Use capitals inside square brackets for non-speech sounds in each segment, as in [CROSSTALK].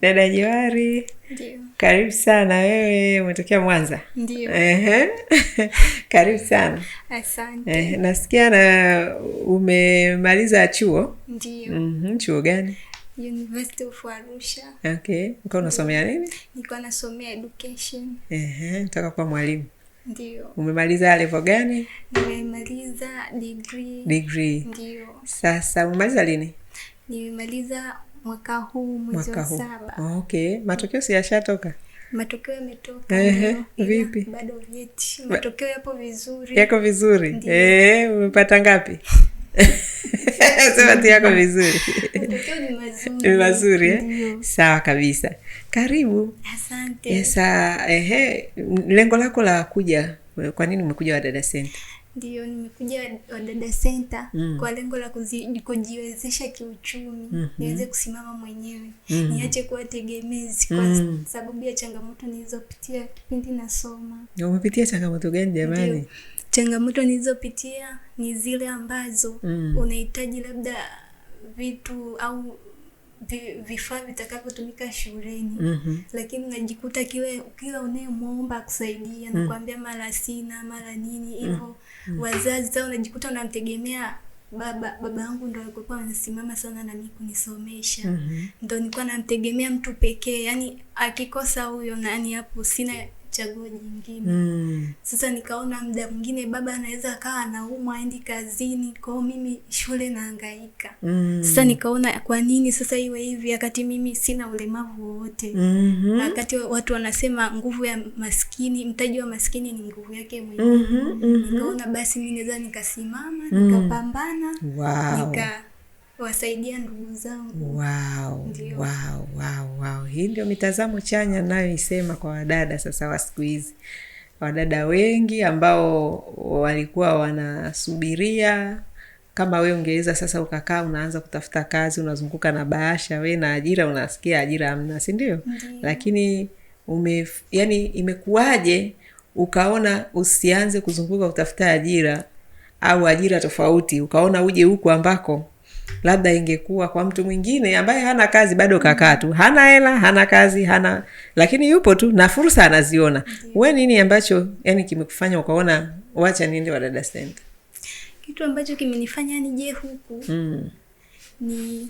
Dada jiwari karibu sana. Wewe umetokea Mwanza? [LAUGHS] Karibu sana. Asante. Nasikia na umemaliza chuo? mm -hmm. Chuo gani? University of Arusha. Okay. unasomea nini? Nilikuwa nasomea education. nataka kuwa mwalimu. Ndio. Umemaliza levo gani? Nimemaliza degree. Degree. Sasa umemaliza lini? Nimemaliza mwaka huu mwezi wa saba oh, okay matokeo si yashatoka matokeo yametoka vipi bado vyeti matokeo yapo vizuri yako vizuri umepata e, ngapi [LAUGHS] sema yako vizuri ni mazuri eh? sawa kabisa karibu asante sasa ehe lengo lako la kuja kwa nini umekuja wadada senta ndio, nimekuja Wadada senta mm. kwa lengo la kujiwezesha kiuchumi mm -hmm. niweze kusimama mwenyewe mm -hmm. niache kuwa tegemezi kwa mm. sababu ya changamoto nilizopitia kipindi nasoma. Umepitia changamoto gani jamani? Changamoto nilizopitia ni zile ambazo mm. unahitaji labda vitu au vifaa vitakavyotumika shuleni mm -hmm. Lakini unajikuta kiwe kila unayemwomba akusaidia mm -hmm. nakuambia mara sina mara nini mm. hivyo mm -hmm. Wazazi sa unajikuta unamtegemea baba baba yangu ndo alikuwa anasimama sana nami kunisomesha mm -hmm. Ndo nilikuwa namtegemea mtu pekee, yani akikosa huyo nani hapo sina yeah chaguo jingine mm. Sasa nikaona mda mwingine baba anaweza akawa anaumwa aendi kazini, kwa mimi shule naangaika mm. Sasa nikaona kwa nini sasa iwe hivi wakati mimi sina ulemavu wowote mm -hmm. watu wanasema nguvu ya maskini, mtaji wa maskini ni nguvu yake mwenyewe mm -hmm. Nikaona basi mi naweza nikasimama mm. nikapambana wow. nika wasaidia ndugu zangu. Wow, wow, wow, Hii ndio mitazamo chanya nayoisema kwa wadada sasa wa siku hizi, wadada wengi ambao walikuwa wanasubiria kama we ungeweza sasa ukakaa unaanza kutafuta kazi, unazunguka na bahasha we na ajira, unasikia ajira amna sindio Lakini ume, yani imekuwaje ukaona usianze kuzunguka kutafuta ajira au ajira tofauti, ukaona uje huku ambako labda ingekuwa kwa mtu mwingine ambaye hana kazi bado kakaa tu, hana hela, hana kazi, hana lakini yupo tu na fursa anaziona. We, nini ambacho yani kimekufanya ukaona wacha niende Wadada Kitu ambacho kimenifanya nije huku mm. ni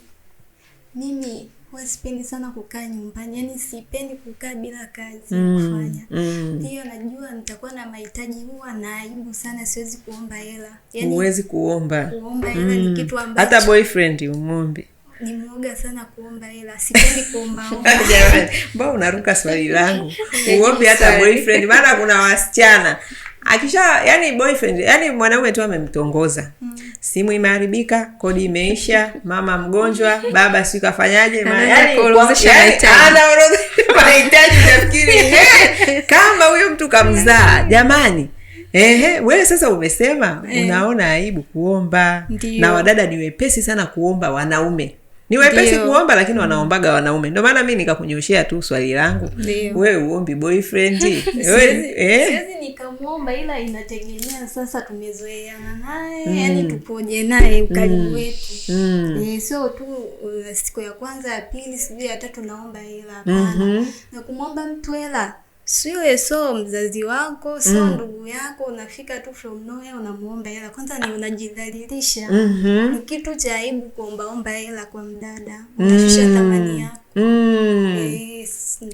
mimi huwa sipendi sana kukaa nyumbani, yani sipendi kukaa bila kazi mm, kufanya ndiyo. Mm, najua nitakuwa na mahitaji, huwa na aibu sana, siwezi kuomba hela. Yani, huwezi kuomba kuomba hela mm, ni kitu ambacho hata boyfriend umombe ni mwoga sana kuomba hela, sipendi kuombaomba. [LAUGHS] Jamani, mbona unaruka swali langu? [LAUGHS] Uombe hata boyfriend? Maana kuna wasichana akisha yani boyfriend yani mwanaume tu amemtongoza mm. simu imeharibika, kodi imeisha, mama mgonjwa, baba si kafanyaje, mahitaji [LAUGHS] kama huyo mtu kamzaa yaani. jamani. Ehe, wewe sasa umesema, eh. unaona aibu kuomba Ndiyo. na wadada ni wepesi sana kuomba wanaume ni wepesi kuomba, lakini mm. wanaombaga wanaume. Ndio maana mi nikakunyoshea tu swali langu, wewe uombi boyfriend? [LAUGHS] Eh? siwezi nikamwomba, ila inategemea sasa, tumezoeana naye mm. yani tupoje naye ukaribu mm. wetu mm. e, sio tu uh, siku ya kwanza ya pili sijui ya tatu naomba hela, hapana mm -hmm. na kumwomba mtu hela siwe so mzazi wako so mm. ndugu yako, unafika tu from nowhere unamuomba hela. Kwanza ni unajidhalilisha. mm -hmm. kitu cha aibu kuombaomba hela kwa mdada, mm. unashusha mm. thamani yako mm.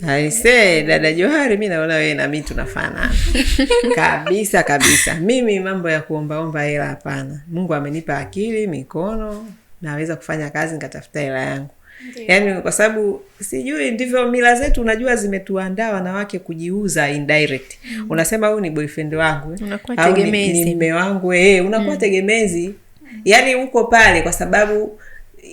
yes. dada Johari, mi naona wewe na mimi tunafanana [LAUGHS] kabisa kabisa. Mimi mambo ya kuombaomba hela hapana. Mungu amenipa akili, mikono, naweza kufanya kazi nikatafuta hela yangu yaani kwa sababu sijui ndivyo mila zetu, unajua zimetuandaa wanawake kujiuza indirect. Mm. Unasema huyu ni boyfriend wangu eh? au ni mme wangu, e, unakuwa mm. tegemezi, mm. yaani uko pale kwa sababu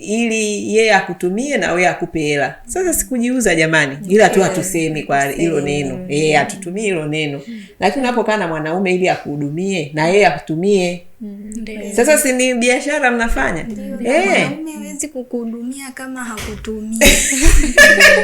ili yeye akutumie na wee akupe hela. Sasa mm. sikujiuza jamani, ila tu eh, hatusemi kwa hilo neno e, mm. atutumie hilo neno, lakini unapokaa na mwanaume ili akuhudumie na yeye akutumie, sasa si ni biashara mnafanya e hawezi kukuhudumia kama hakutumia.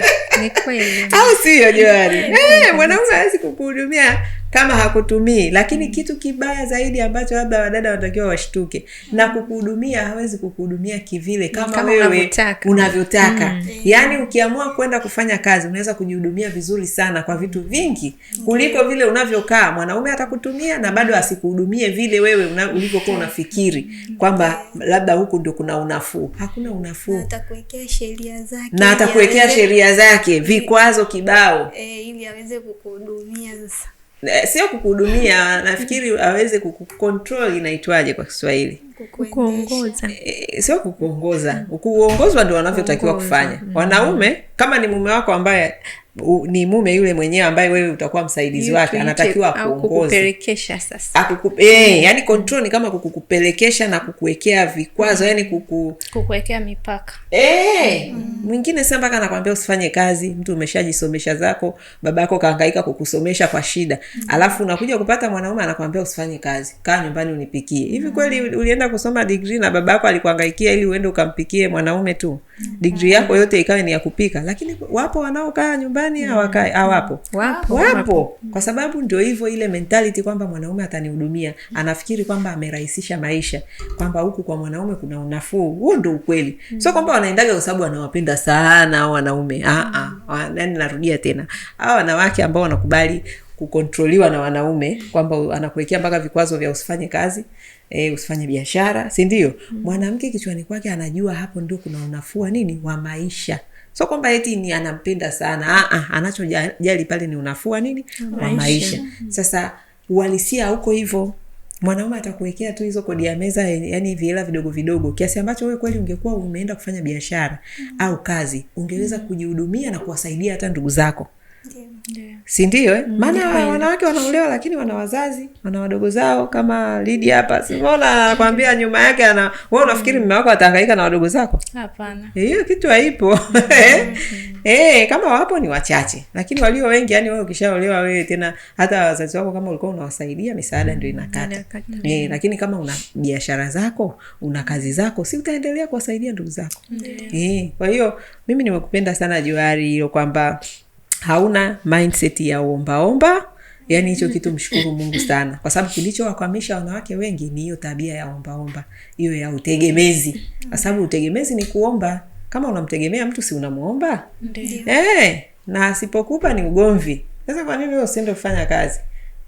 [LAUGHS] Ni kweli, au sio Johari? Eh, mwanaume hawezi kukuhudumia kama hakutumii. Lakini mm. kitu kibaya zaidi ambacho labda wadada wanatakiwa washtuke, mm. na kukuhudumia hawezi kukuhudumia kivile kama, kama wewe unavyotaka mm. mm. Yaani ukiamua kwenda kufanya kazi unaweza kujihudumia vizuri sana kwa vitu vingi kuliko vile unavyokaa. Mwanaume atakutumia na bado asikuhudumie vile wewe una, ulivyokuwa unafikiri kwamba labda huku ndio kuna unafuu. Hakuna unafuu, na atakuwekea sheria zake, na atakuwekea sheria zake, vikwazo kibao, e, ili aweze kukuhudumia sasa Eh, sio kukuhudumia nafikiri aweze kukukontrol inaitwaje kwa kiswahili Eh, sio kukuongoza kuongozwa ndo wanavyotakiwa kufanya mm. wanaume kama ni mume wako ambaye u, ni mume yule mwenyewe ambaye wewe utakuwa msaidizi wake anatakiwa akuongozekupelekesha sasa eh, control ni kama kukupelekesha na kukuwekea vikwazo yani kukuwekea mipaka eh, mm. mwingine sa mpaka anakwambia usifanye kazi mtu umeshajisomesha zako baba yako kaangaika kukusomesha kwa shida mm. alafu unakuja kupata mwanaume anakwambia usifanye kazi kaa nyumbani unipikie hivi mm. kweli ulienda kusoma digrii na baba yako alikuangaikia ili uende ukampikie mwanaume tu mm yako yote ikawe ni ya kupika, lakini wapo wanaokaa nyumbani mm. awakae awapo wapo, wapo kwa sababu ndio hivyo ile mentality kwamba mwanaume atanihudumia, anafikiri kwamba amerahisisha maisha, kwamba huku kwa mwanaume kuna unafuu. huu ndo ukweli, sio mm. kwamba wanaendaga kwa sababu anawapenda sana au wanaume ah, ah. Mm. nani narudia tena, au wanawake ambao wanakubali kukontroliwa na wanaume kwamba anakuwekea mpaka vikwazo vya usifanye kazi e, usifanye biashara, sindio mm. Mwanamke mm. kichwani kwake anajua hapo ndio kuna unafua nini wa maisha so kwamba eti ni anampenda sana ah, ah, anachojali pale ni unafua nini wa maisha. Mm. Sasa uhalisia huko hivo mwanaume atakuwekea tu hizo kodi ya meza, eh, yani vihela vidogo vidogo, kiasi ambacho we kweli ungekuwa umeenda kufanya biashara mm. au kazi, ungeweza mm. kujihudumia na kuwasaidia hata ndugu zako sindio eh? Mm. maana mm, wanawake wanaolewa lakini wana wazazi wana wadogo zao kama lidi hapa simona anakwambia nyuma yake ana we unafikiri mme mm. wako atahangaika na wadogo zako hapana hiyo kitu haipo [LAUGHS] e, kama wapo ni wachache lakini walio wengi yani wewe ukishaolewa wewe tena hata wazazi wako kama ulikuwa unawasaidia misaada ndio inakata e, lakini kama una biashara zako una kazi zako si utaendelea kuwasaidia ndugu zako e, kwa hiyo mimi nimekupenda sana juari hilo kwamba hauna mindset ya ombaomba yaani hicho kitu mshukuru [LAUGHS] mungu sana kwa sababu kilichowakwamisha wanawake wengi ni hiyo tabia ya ombaomba hiyo ya utegemezi kwa sababu utegemezi ni kuomba kama unamtegemea mtu si unamwomba hey, eh, na asipokupa ni ugomvi sasa kwa nini usiende kufanya kazi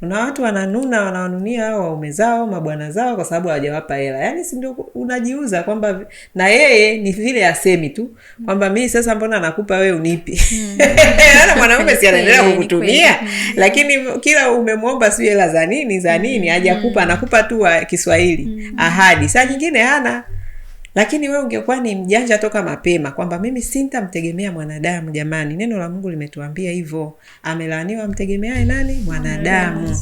kuna watu wananuna, wanawanunia hao waume zao, mabwana zao, kwa sababu hawajawapa hela. Yaani si ndio unajiuza kwamba na yeye ni vile asemi tu kwamba mi sasa, mbona nakupa wewe unipi? Hmm. [LAUGHS] Yaani ana mwanaume si anaendelea kukutumia, hmm. lakini kila umemwomba si hela za nini za hmm. nini, hajakupa anakupa tu wa Kiswahili ahadi, saa nyingine hana lakini wewe ungekuwa ni mjanja toka mapema kwamba mimi sintamtegemea mwanadamu. Jamani, neno la Mungu limetuambia hivyo, amelaaniwa mtegemeaye nani? Mwanadamu.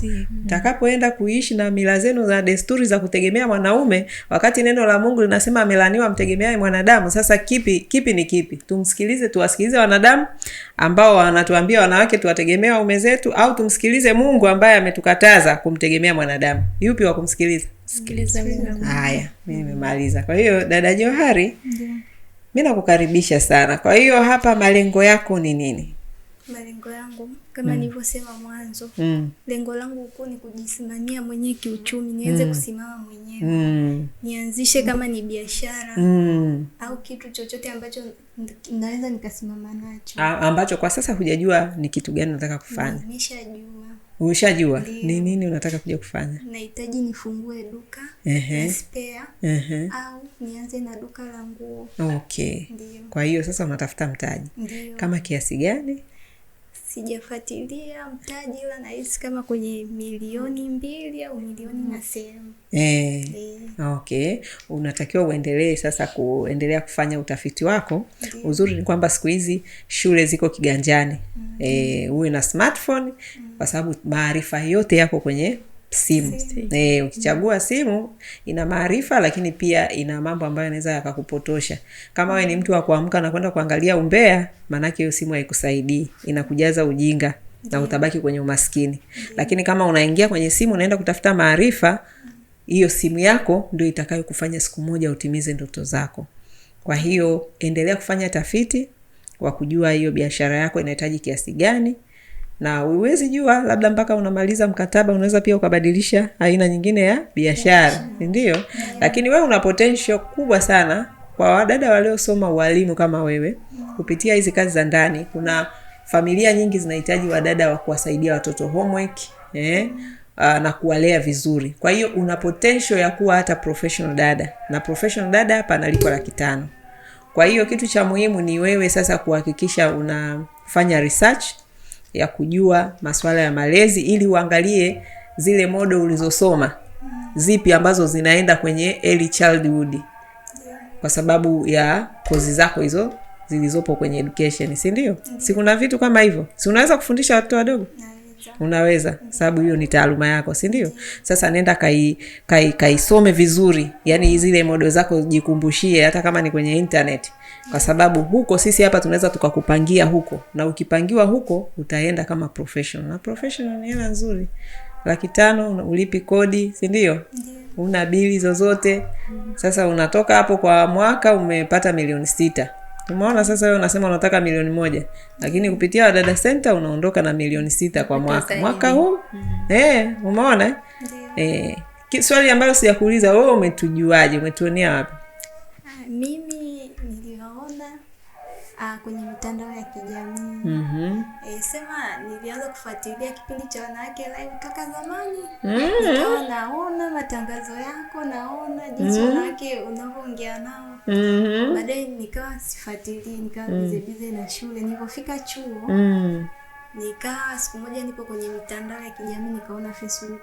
takapoenda kuishi na mila zenu na desturi za kutegemea mwanaume, wakati neno la Mungu linasema amelaaniwa mtegemeae mwanadamu. Sasa kipi kipi ni kipi? Tumsikilize, tuwasikilize wanadamu ambao wanatuambia wanawake tuwategemea waume zetu, au tumsikilize Mungu ambaye ametukataza kumtegemea mwanadamu? Yupi wa kumsikiliza? sikiliza Haya, mi nimemaliza. Kwa hiyo dada Johari, yeah. mi nakukaribisha sana. Kwa hiyo hapa malengo yako ni nini? Malengo yangu kama mm. nilivyosema mwanzo mm. lengo langu huku ni kujisimamia mwenyewe kiuchumi, niweze mm. kusimama mwenyewe mm. nianzishe kama ni biashara mm. au kitu chochote ambacho naweza nikasimama nacho, ambacho kwa sasa hujajua ni kitu gani nataka kufanya. Nimeshajua Umeshajua ni nini unataka kuja kufanya? Nahitaji nifungue duka ehe, spare ehe, au nianze na duka la nguo. Okay. Ndiyo. Kwa hiyo sasa unatafuta mtaji. Ndiyo. Kama kiasi gani? sijafuatilia mtaji ila nahisi kama kwenye milioni mbili au milioni na sehemu e. Okay, unatakiwa uendelee sasa kuendelea kufanya utafiti wako e. Uzuri ni kwamba siku hizi shule ziko kiganjani E, uwe na smartphone kwa sababu maarifa yote yako kwenye simu e, ukichagua simu ina maarifa lakini pia ina mambo ambayo anaweza yakakupotosha kama we ni mtu wa kuamka na kwenda kuangalia umbea maanake hiyo simu haikusaidii inakujaza ujinga na utabaki kwenye umaskini lakini kama unaingia kwenye simu unaenda kutafuta maarifa hiyo simu yako ndio itakayokufanya siku moja utimize ndoto zako kwa hiyo endelea kufanya tafiti wa kujua hiyo biashara yako inahitaji kiasi gani na uwezi jua, labda mpaka unamaliza mkataba, unaweza pia ukabadilisha aina nyingine ya biashara, ndio. Lakini wewe una potential kubwa sana kwa wadada waliosoma ualimu kama wewe, kupitia hizi kazi za ndani. Kuna familia nyingi zinahitaji wadada wa kuwasaidia watoto homework, eh, ah, na kuwalea vizuri. Kwa hiyo una potential ya kuwa hata professional dada, na professional dada hapa analiko laki tano. Kwa hiyo kitu cha muhimu ni wewe sasa kuhakikisha unafanya research ya kujua masuala ya malezi ili uangalie zile modo ulizosoma zipi ambazo zinaenda kwenye early childhood kwa sababu ya kozi zako hizo zilizopo kwenye education, si ndio? Si kuna vitu kama hivyo, si unaweza kufundisha watoto wadogo? Unaweza, sababu hiyo ni taaluma yako, si ndio? Sasa nenda kai, kai, kaisome vizuri, yani zile modo zako jikumbushie, hata kama ni kwenye internet kwa sababu huko sisi hapa tunaweza tukakupangia huko, na ukipangiwa huko utaenda kama professional, na professional ni hela nzuri, laki tano, ulipi kodi, sindio ndio? Una bili zozote. Sasa unatoka hapo kwa mwaka umepata milioni sita. Umeona, sasa wewe unasema unataka milioni moja, lakini kupitia Wadada Center unaondoka na milioni sita kwa mwaka mwaka huu mm. eh, umeona eh. Swali ambayo sijakuuliza wewe, umetujuaje? Umetuonea wapi? Ah, kwenye mitandao ya kijamii mm -hmm. E, sema nilianza kufuatilia kipindi cha wanawake live kaka zamani mm -hmm. Nikawa naona matangazo yako, naona jinsi mm -hmm. wanawake unavyoongea nao mm -hmm. Baadaye nikawa sifuatilii, nikawa bize mm. bize na shule. Nilipofika chuo mm -hmm. Nikaa siku moja nipo kwenye mitandao ya kijamii nikaona Facebook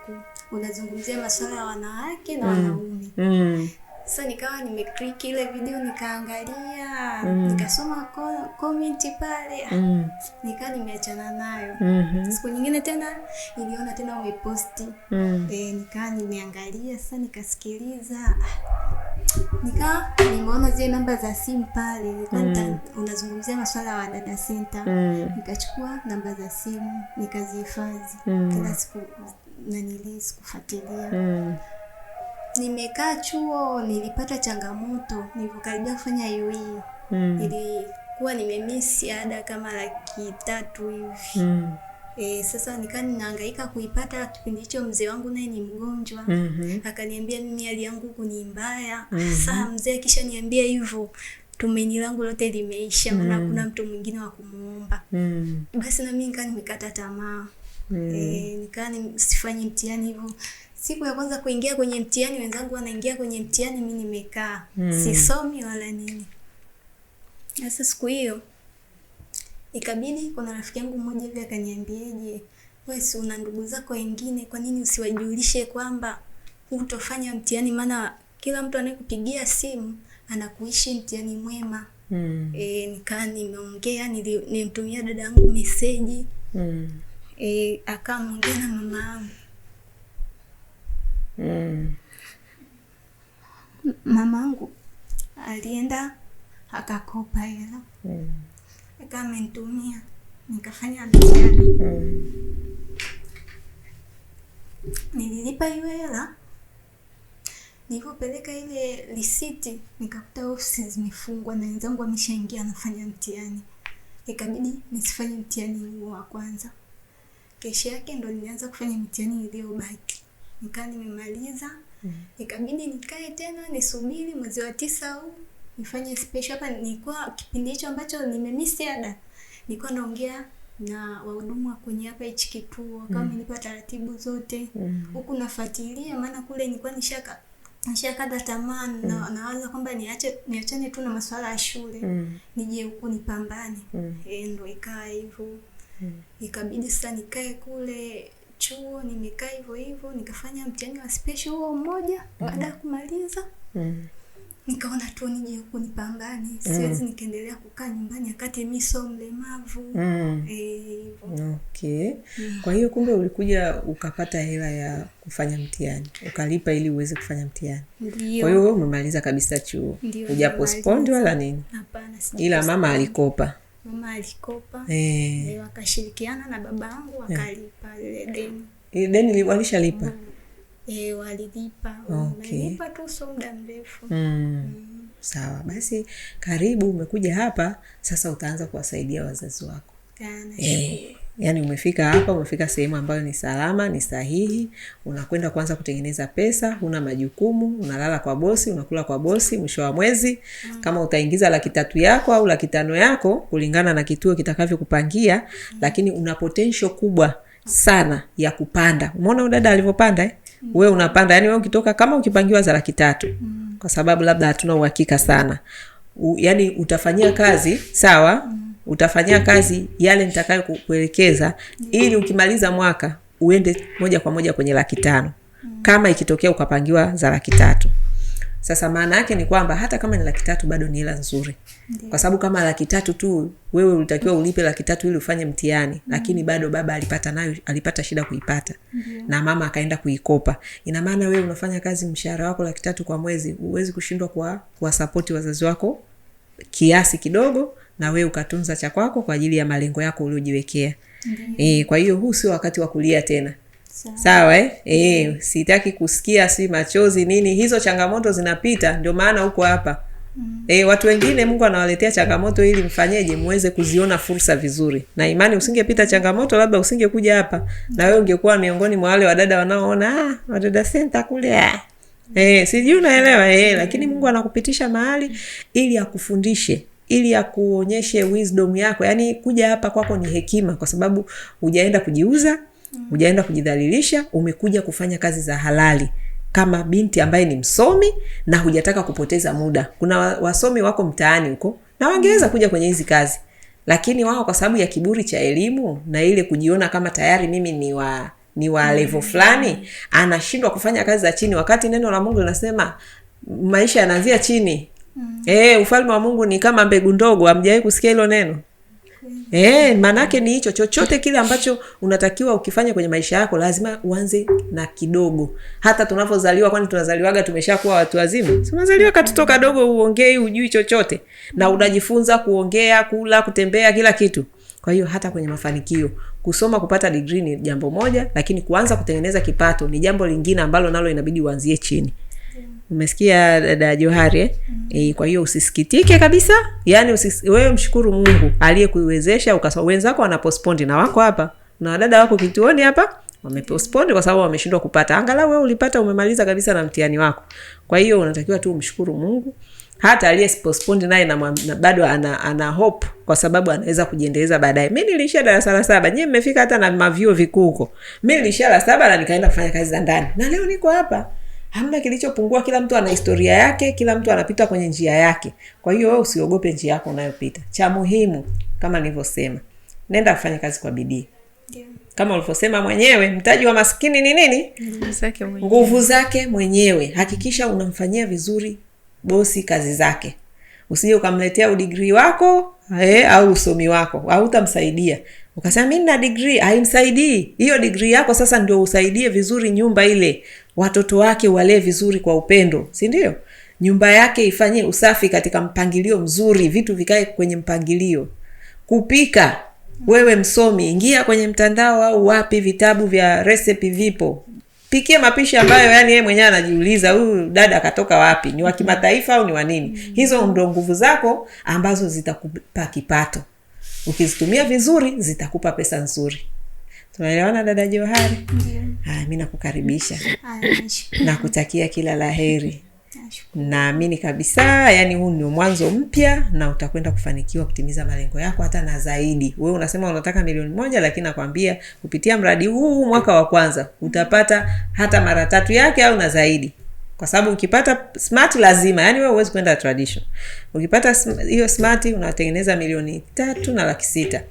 unazungumzia masuala ya wanawake na mm. wanaume mm so nikawa nimeclick ile video nikaangalia, mm. nikasoma comment pale, mm. nikawa nimeachana nayo. mm -hmm. Siku nyingine tena niliona tena umeposti, mm. eh, nikawa nimeangalia sasa, nikasikiliza nika nimeona zile namba za simu pale nilikuwa mm. unazungumzia masuala ya Wadada Center mm. nikachukua namba za simu nikazihifadhi mm. kila siku nanili sikufuatilia mm nimekaa chuo nilipata changamoto nilivyokaribia kufanya UE mm. Ilikuwa nimemisi ada kama laki tatu hivi mm. E, sasa nikaa ninahangaika kuipata. Kipindi hicho mzee wangu naye ni mgonjwa mm -hmm. Akaniambia mimi hali yangu kuni mbaya mm -hmm. Sasa mzee akisha niambia hivyo tumaini langu lote limeisha, maana mm. kuna mtu mwingine wa kumuomba mm. Basi nami nikaa nimekata tamaa mm. E, nikaa sifanyi mtihani hivyo siku ya kwanza kuingia kwenye mtihani, wenzangu wanaingia kwenye mtihani, mi nimekaa hmm. sisomi wala nini. Sasa siku hiyo ikabidi, kuna rafiki yangu mmoja hivi akaniambiaje, we si una ndugu zako wengine, kwa nini usiwajulishe kwamba hutofanya mtihani? Maana kila mtu anayekupigia simu anakuishi mtihani mwema. mm. E, nikaa nimeongea, nilimtumia dada yangu meseji mm. E, akaa akamwongea na mama yangu Mm. Mamangu alienda akakopa hela mm. Akanitumia nikafanya mtihani mm. Nililipa hiyo hela, nilipopeleka ile risiti nikakuta ofisi zimefungwa na wenzangu ingia anafanya mtihani, ikabidi nisifanye mtihani huo wa kwanza. Kesho yake ndo nilianza kufanya mtihani iliyobaki nikaa nimemaliza mm. Ikabidi nikae tena nisubiri mwezi wa tisa huu nifanye special hapa. Nilikuwa kipindi hicho ambacho nimemisi ada, nilikuwa naongea na wahudumu wa kwenye hapa hichi kituo mm. kama nilipa taratibu zote mm. huku mm. nafuatilia, maana kule nilikuwa nishaka nishakata tamaa mm. na nawaza kwamba niache niachane tu na masuala ya shule mm. nije huku nipambane mm. E, ndo ikawa hivyo mm. Ikabidi sasa nikae kule chuo nimekaa hivyo hivyo, nikafanya mtihani wa special huo mmoja baada mm -hmm. ya mhm. kumaliza mm -hmm. Nikaona tu nije huku nipambane, siwezi mm. nikaendelea kukaa nyumbani akati mi so mlemavu mm. E, okay mm. Kwa hiyo kumbe ulikuja ukapata hela ya kufanya mtihani ukalipa ili uweze kufanya mtihani. Kwa hiyo we umemaliza kabisa chuo, hujapospondi wala nini? ila mama alikopa mama alikopa eh, e, wakashirikiana na baba babangu eh. wakalipa lile deni. Ile deni walishalipa mm. E, walilipa wamelipa okay. tu sio muda mrefu mm. mm. Sawa basi, karibu umekuja hapa sasa, utaanza kuwasaidia wazazi wako. Kana, Eh yani umefika hapa, umefika sehemu ambayo ni salama, ni sahihi, unakwenda kwanza kutengeneza pesa, una majukumu, unalala kwa bosi, unakula kwa bosi. Mwisho wa mwezi mm. kama utaingiza laki tatu yako au laki tano yako kulingana na kituo kitakavyokupangia, mm. lakini una potential kubwa sana ya kupanda. Umeona dada alivyopanda eh? Mm. We unapanda yani, wee ukitoka kama ukipangiwa za laki tatu, kwa sababu labda hatuna uhakika sana u, yani utafanyia kazi sawa utafanyia kazi yale nitakayo kuelekeza, ili ukimaliza mwaka uende moja kwa moja kwenye laki tano mm. kama ikitokea ukapangiwa za laki tatu. Sasa maana yake ni kwamba hata kama ni laki tatu bado ni hela nzuri, kwa sababu kama laki tatu tu wewe ulitakiwa ulipe laki tatu ili ufanye mtihani mm. Lakini bado baba alipata nayo, alipata shida kuipata Na mama akaenda kuikopa. Ina maana wewe unafanya kazi, mshahara wako laki tatu kwa mwezi, huwezi kushindwa kuwasapoti wazazi wako kiasi kidogo na wewe ukatunza cha kwako kwa ajili ya malengo yako uliojiwekea. Mm-hmm. E, kwa hiyo huu sio wakati wa kulia tena. Sawa, sawa eh? E, sitaki kusikia si machozi nini, hizo changamoto zinapita, ndio maana huko hapa. E, watu wengine Mungu anawaletea changamoto ili mfanyeje, muweze kuziona fursa vizuri, na imani, usingepita changamoto labda usingekuja hapa. Na wewe ungekuwa miongoni mwa wale wadada wanaoona ah, Wadada Senta kule ah. E, sijui unaelewa eh, mm. lakini Mungu anakupitisha mahali ili akufundishe ili ya kuonyeshe wisdom yako, yaani kuja hapa kwako ni hekima, kwa sababu hujaenda kujiuza, mm. hujaenda kujidhalilisha, umekuja kufanya kazi za halali kama binti ambaye ni msomi na hujataka kupoteza muda. Kuna wasomi wako mtaani huko na wangeweza mm. kuja kwenye hizi kazi, lakini wao kwa sababu ya kiburi cha elimu na ile kujiona kama tayari mimi ni wa ni wa mm. levo fulani, anashindwa kufanya kazi za chini, wakati neno la Mungu linasema maisha yanaanzia chini mm. E, ufalme wa Mungu ni kama mbegu ndogo. amjawai kusikia hilo neno? E, eh, maanake ni hicho chochote kile ambacho unatakiwa ukifanya kwenye maisha yako lazima uanze na kidogo. Hata tunavozaliwa kwani tunazaliwaga tumeshakuwa watu wazima? Tunazaliwa katoto kadogo, uongei, ujui chochote, na mm. unajifunza kuongea, kula, kutembea, kila kitu. Kwa hiyo hata kwenye mafanikio, kusoma, kupata digrii ni jambo moja, lakini kuanza kutengeneza kipato ni jambo lingine ambalo nalo inabidi uanzie chini umesikia dada Johari eh? mm. E, kwa hiyo usisikitike kabisa, yani usis, wewe mshukuru Mungu aliyekuiwezesha ukasa. Wenzako wanapostpondi na wako hapa na wadada wako kituoni hapa wamepospondi kwa sababu wameshindwa kupata. Angalau wewe ulipata, umemaliza kabisa na mtihani wako. Kwa hiyo unatakiwa tu umshukuru Mungu. Hata aliye aliyepostpone naye na, na bado ana, ana hope kwa sababu anaweza kujiendeleza baadaye. mi niliishia darasa la saba, nyie mmefika hata na mavyuo vikuu huko. mi niliishia la saba na nikaenda kufanya kazi za ndani na leo niko hapa hamna kilichopungua. Kila mtu ana historia yake, kila mtu anapita kwenye njia yake. Kwa hiyo wewe usiogope njia yako unayopita. Cha muhimu kama nilivyosema, nenda afanye kazi kwa bidii yeah. Kama ulivyosema mwenyewe, mtaji wa maskini ni nini? Nguvu zake mwenyewe. Hakikisha unamfanyia vizuri bosi kazi zake, usije ukamletea udigrii wako eh, au usomi wako, hautamsaidia. Ukasema mi nina digrii, haimsaidii hiyo digrii yako. Sasa ndio usaidie vizuri nyumba ile, watoto wake walee vizuri kwa upendo, si Nyumba yake ifanye usafi katika mpangilio mzuri, vitu vikae kwenye mpangilio. Kupika, wewe msomi, ingia kwenye mtandao au wapi, vitabu vya resepi vipo, pikie mapishi ambayo yani yeye mwenyewe anajiuliza, huyu dada akatoka wapi, ni wa kimataifa au ni wa nini? Hizo ndo nguvu zako ambazo zitakupa kipato ukizitumia vizuri zitakupa pesa nzuri. Tunaelewana dada Johari? Yeah. Mi nakukaribisha nakutakia kila la heri. Naamini kabisa, yani huu ndio mwanzo mpya na utakwenda kufanikiwa kutimiza malengo yako hata na zaidi. Wewe unasema unataka milioni moja, lakini nakwambia kupitia mradi huu mwaka wa kwanza utapata hata mara tatu yake au na zaidi kwa sababu ukipata smart lazima, yani wewe huwezi kwenda tradition Ukipata hiyo smart unatengeneza milioni tatu na laki sita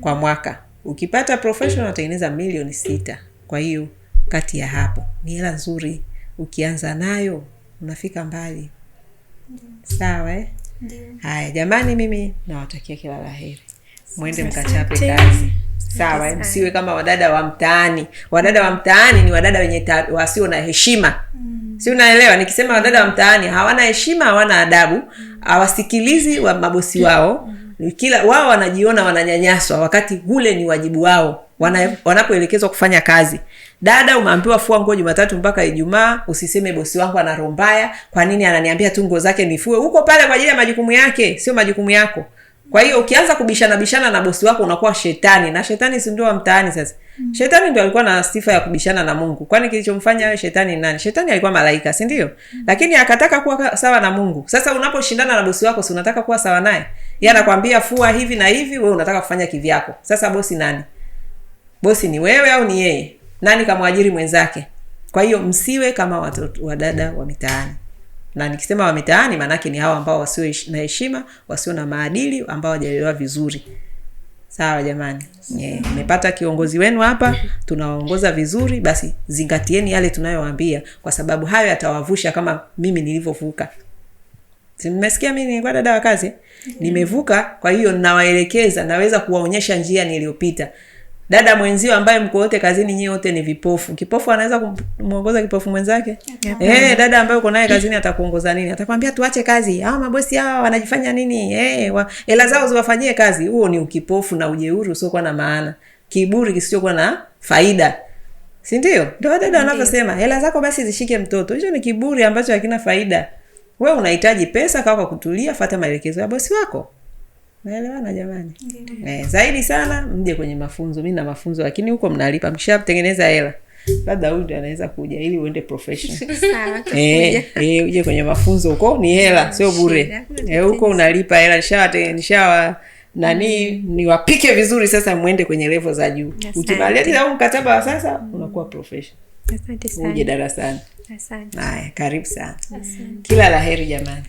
kwa mwaka, ukipata professional unatengeneza milioni sita. Kwa hiyo kati ya hapo ni hela nzuri, ukianza nayo unafika mbali. Sawa eh? Haya jamani, mimi nawatakia kila laheri mwende mkachape kazi sawa. yes, Msiwe kama wadada wa mtaani. Wadada wa mtaani ni wadada wenye wasio na heshima mm. si unaelewa? Nikisema wadada wa mtaani hawana heshima, hawana adabu, hawasikilizi mm. wa mabosi wao mm. kila wao wanajiona wananyanyaswa, wakati ule ni wajibu wao wana, mm. wanapoelekezwa kufanya kazi. Dada, umeambiwa fua nguo Jumatatu mpaka Ijumaa. Usiseme bosi wangu anarombaya kwa nini ananiambia tu nguo zake nifue? Huko pale kwa ajili ya majukumu yake, sio majukumu yako. Kwa hiyo ukianza kubishana bishana na bosi wako unakuwa shetani, na shetani si ndio mtaani sasa. Mm. Shetani ndio alikuwa na sifa ya kubishana na Mungu. Kwani kilichomfanya awe shetani nani? Shetani alikuwa malaika, si ndio? Mm. Lakini akataka kuwa sawa na Mungu. Sasa unaposhindana na bosi wako, si unataka kuwa sawa naye? Yeye mm. anakuambia fua hivi na hivi, wewe unataka kufanya kivyako. Sasa bosi nani? Bosi ni wewe au ni yeye? Nani kamwajiri mwenzake? Kwa hiyo msiwe kama watoto wa dada wa mitaani na nikisema wa mitaani maanake ni hawa ambao wasio na heshima, wasio na maadili, ambao wajaelewa vizuri. Sawa jamani, mmepata yeah, kiongozi wenu hapa, tunawaongoza vizuri, basi zingatieni yale tunayowambia kwa sababu hayo yatawavusha, kama mimi nilivyovuka. Mmesikia, mi nilikuwa dada wa kazi, nimevuka. Kwa hiyo nawaelekeza, naweza kuwaonyesha njia niliyopita dada mwenzio ambaye mko wote kazini, nyie wote ni vipofu. Kipofu anaweza kumwongoza kipofu mwenzake? yeah, hey, dada ambaye uko naye kazini atakuongoza nini? Atakwambia tuache kazi, hawa mabosi hawa wanajifanya nini? hey, eh, wa, hela zao ziwafanyie kazi. Huo ni ukipofu na ujeuri usiokuwa na maana, kiburi kisichokuwa na faida, sindio ndo Ndio dada wanavyosema, hela zako basi zishike mtoto. Hicho ni kiburi ambacho hakina faida. we unahitaji pesa, kaa kwa kutulia, fata maelekezo ya bosi wako. Naelewana jamani? Eh, zaidi sana mje kwenye mafunzo. mi na mafunzo lakini huko mnalipa. Mkishatengeneza hela. Labda huyu ndi anaweza kuja ili uende professional. [LAUGHS] Eh, eh, uje kwenye mafunzo huko ni hela, sio bure. Eh, huko unalipa hela nishawa nani mm. niwapike vizuri sasa mwende kwenye levo za juu. Yes, Ukimalia tena mkataba wa sasa mm. unakuwa professional. Uje darasani. aya karibu sana. Kila la heri jamani.